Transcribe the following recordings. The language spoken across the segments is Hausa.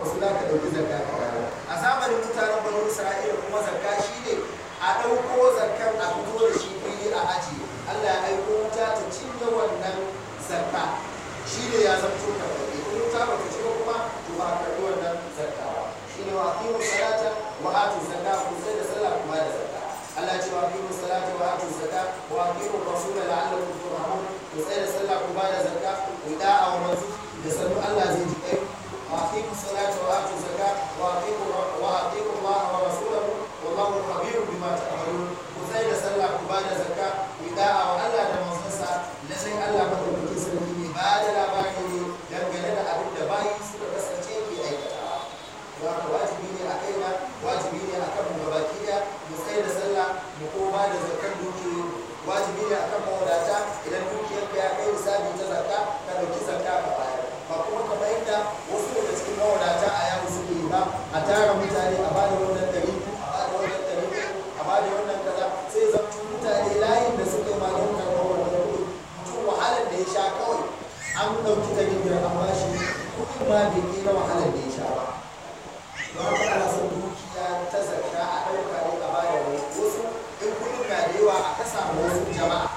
wasu zakka ka a zamanin mutanen banu isra'ila kuma zakka shine a ɗauko zakkan a fito da shi fili a aji Allah ya aiko wuta ta cinye wannan zakka ya in wuta ba ta ci ba kuma to ba a karɓi wannan zakka ba wa salata wa atu zakka ku sai da sallah kuma da zakka Allah ce wa salata wa atu zakka wa la'allakum turhamun ku sai da sallah ku ba da zakka ku da'a wa manzo da sallu Allah zai ji واقيموا الصلاه واتوا الزكاه واطيعوا واطيعوا الله ورسوله والله خبير بما تعملون كثير صلى كبار زكاه وداء الله da mansansa lallai Allah madaukakin sarki ba da labari ne dangane da abin da suka kasance ke aikatawa wato wajibi ne a wajibi ne a da sallah mu koma da wajibi ne a mawadata idan dukiyoyi ba wannan ɗari a bada wannan ɗari a ba wannan kaza sai zan mutane layin da suka yi ma don karɓar wannan kuɗi mutum wahalar da ya sha kawai an ɗauki ta biyar an ba shi kuɗin ma bai ƙila wahalar da ya sha ba don haka ana son dukiya ta zakka a ɗauka ne a bada wani wasu in kuɗin na da yawa a kasa wasu jama'a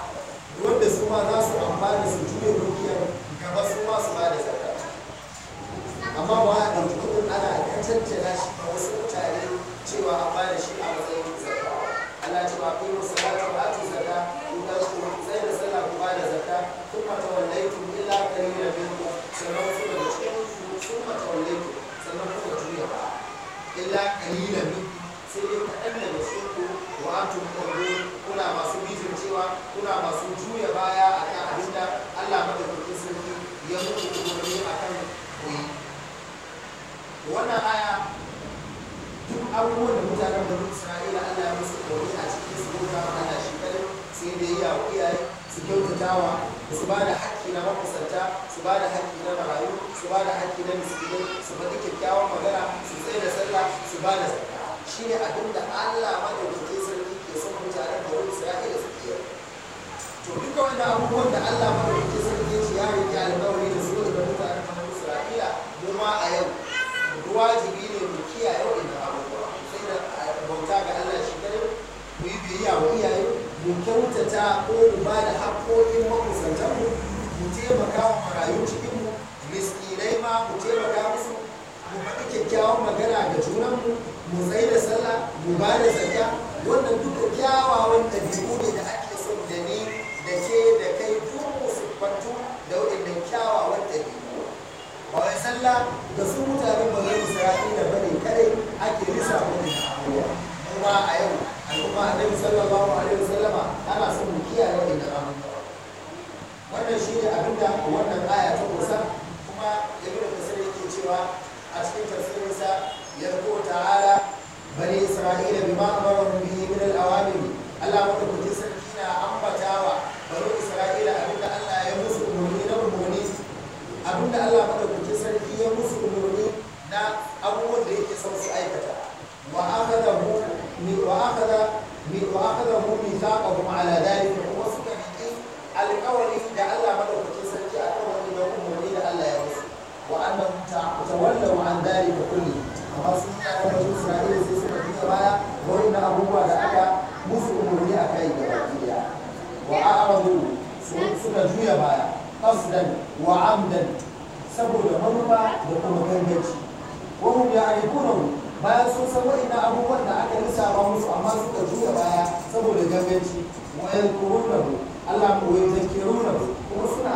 illa qalilan sai dai kaɗan daga cikin ku wa antum kuna masu bijin cewa kuna masu juya baya a akan abin da Allah madaukakin sarki ya mutu umarni a kan koyi wannan aya duk abubuwan da mutanen bani Isra'ila Allah ya musu umarni a cikin su ga Allah shi kadai sai dai ya iyaye su kyautatawa su ba da haƙƙi na makusanta su ba da haƙƙi na marayu su ba da haƙƙi na miskinai su faɗi kyakkyawan magana su tsaye da sallah su ba da zakka shine abin da Allah madaukakin sarki ke son mutanen da wani Isra'ila su ke to duka wanda abubuwan da Allah madaukakin sarki ce ya riƙe alƙawari da su da mutanen da Isra'ila mu ma a yau mu wajibi ne mu kiyaye waɗannan abubuwa sai da bauta ga Allah shi kadai mu yi biyayya wa iyaye mu kyautata ko mu ba da haƙoƙin makusantanmu mu taimaka wa marayun cikinmu miskinai ma mu taimaka musu mu faɗi kyakkyawan magana da junanmu mu tsaye da sallah mu ba da zakka wannan duka kyawawan ɗabi'u ne da ake son da ni da ke da kai duk mu siffantu da waɗannan kyawawan ɗabi'u ba wai sallah da su mutanen bazan isra'ila bane kadai ake nisa da abubuwa kuma a yau kuma al'umma annabi sallallahu alaihi wannan shi ne abin da wannan aya ta kusa kuma ibn kasir yake cewa a cikin tafsirinsa ya ko ta'ala bani isra'ila bima amara bihi min al-awamir Allah sarki na ambatawa bani isra'ila abin da Allah ya musu umarni na umarni abin da Allah sarki ya musu na abubuwan da yake son su aikata wa akhadahu min wa akhadahu wa akhadahu mithaqahum ala dhalika alƙawari da Allah madaukakin sarki alƙawari na umarni da Allah ya musu wa annahum tawallaw an dhalika kulli amma sun yi aka bari Isra'ila sai suka fita baya wani na abubuwa da aka musu umarni a kai da baki daya wa a'radu suka juya baya qasdan wa amdan saboda manufa da kuma gangaci wa hum ya'rifunahu bayan sun san na abubuwan da aka lissafa musu amma suka juya baya saboda gangaci wa mu. Allah ko wai ta ke rona